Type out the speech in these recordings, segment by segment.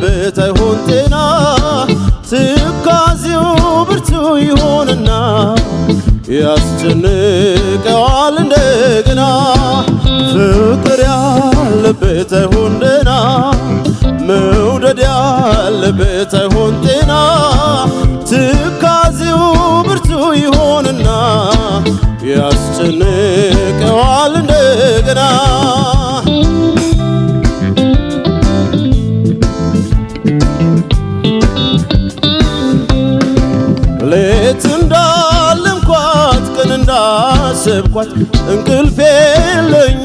ብታ ይሆን ጤና ትካዜው ብርቱ ይሆንና ያስጨንቀዋል እንደገና ፍቅር ያለበት አይሆን ደና መውደድ ያለበት አይሆን ጤና ትካዜው ብርቱ ይሆንና ያስጨንቀዋል እንደገና አሰብኳት እንቅልፍ የለኝ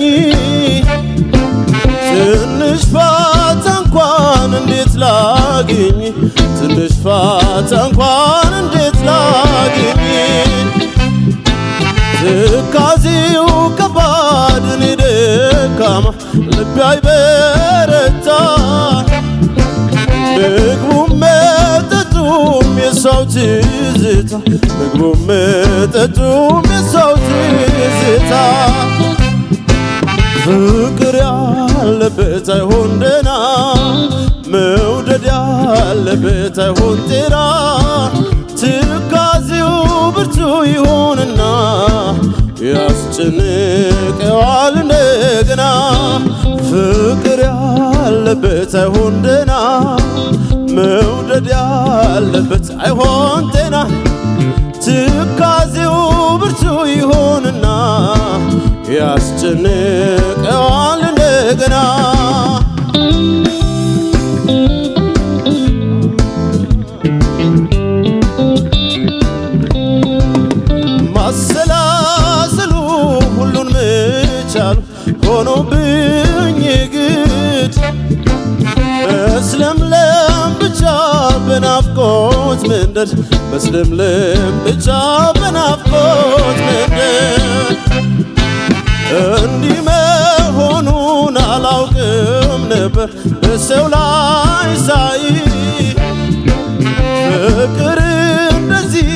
ትንሽ ፋታ እንኳን እንዴት ላገኝ ትንሽ ፋታ እንኳን እንዴት ላገኝ ትካዜው ከባድ እኔ ደካማ ልቤ ትዝታ ምግቡ መጠጡ ምሳው ትዝታ ፍቅር ያለበት አይሆን ደና መውደድ ያለበት አይሆን ጤና ትካዜው ብርቱ ይሆንና ያስጨንቀዋል እንደገና ፍቅር ያለበት አይሆን ደና መውደድ ያለበት አይሆን ጤና ቅዝቃዜው ብርቱ ይሆንና ያስጨነ መውደድ መስለምለም ብቻ በናፍቆት መደድ እንዲህ መሆኑን አላውቅም ነበር በሰው ላይ ሳይ ፍቅር እንደዚህ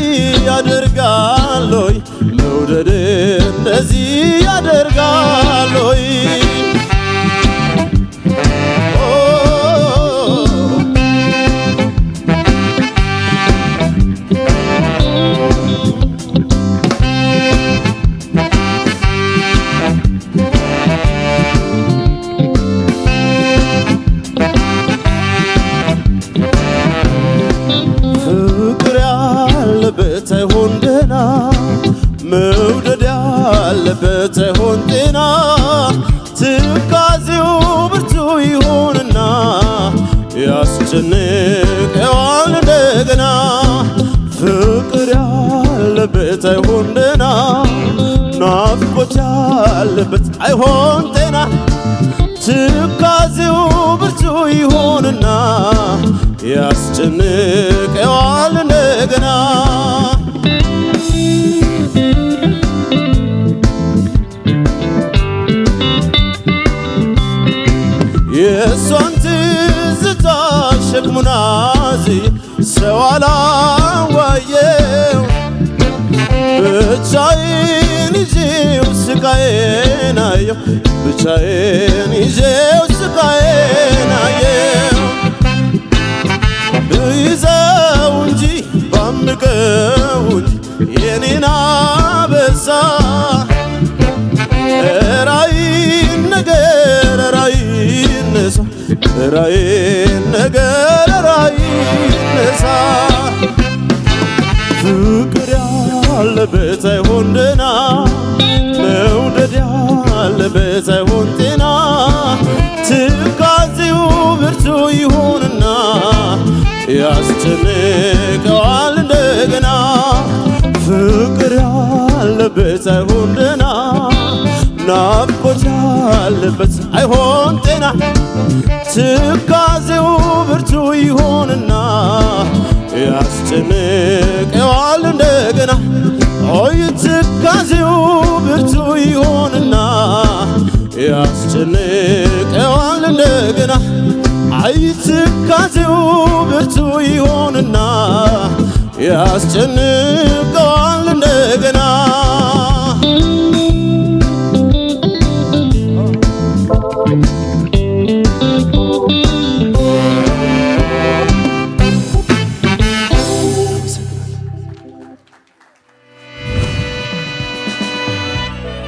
ያደርጋል ወይ መውደድ መውደድ ያለበት ሆን ጤና ትካዜው ብርቱ ይሁንና ያስጨንቀዋል እንደገና ፍቅር ያለበት አይሆን ደና ናፍቆት ያለበት አይሆን ጤና ትካዜው ብርቱ ይሁንና ያስጨንቀዋል የእሷን ትዝታ ሸክሙን አዝዬ ሰው አላዋየው ብቻዬን ይዤው ስቃዬን አየው ብቻዬን ይዤው ራዬን ነገር አይነሳ ፍቅር ያለበት አይሆን ደና መውደድ ያለበት አይሆን ጤና ትካዜው ብርቱ ይሆንና ያስጨንቀዋል እንደገና ፍቅር ያለበት አይሆን ደና ናፍቆት አለበት አይሆን ጤና ትካዜው ብርቱ ይሆንና ያስጨንቀዋል እንደገና ኦይ ትካዜው ብርቱ ይሆንና ያስጨንቀዋል እንደገና አይ ትካዜው ብርቱ ይሆንና ያስጨንቅ